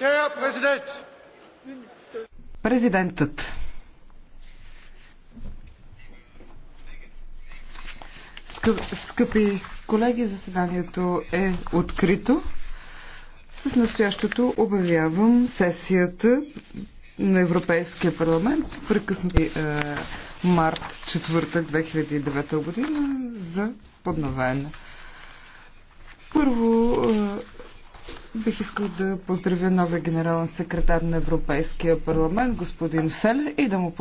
Президент. Президентът. Скъпи колеги, заседанието е открито. С настоящото обявявам сесията на Европейския парламент, прекъснати е, март 4 2009 година, за подновена. Първо бих искал да поздравя новия генерален секретар на Европейския парламент, господин Фелер, и да му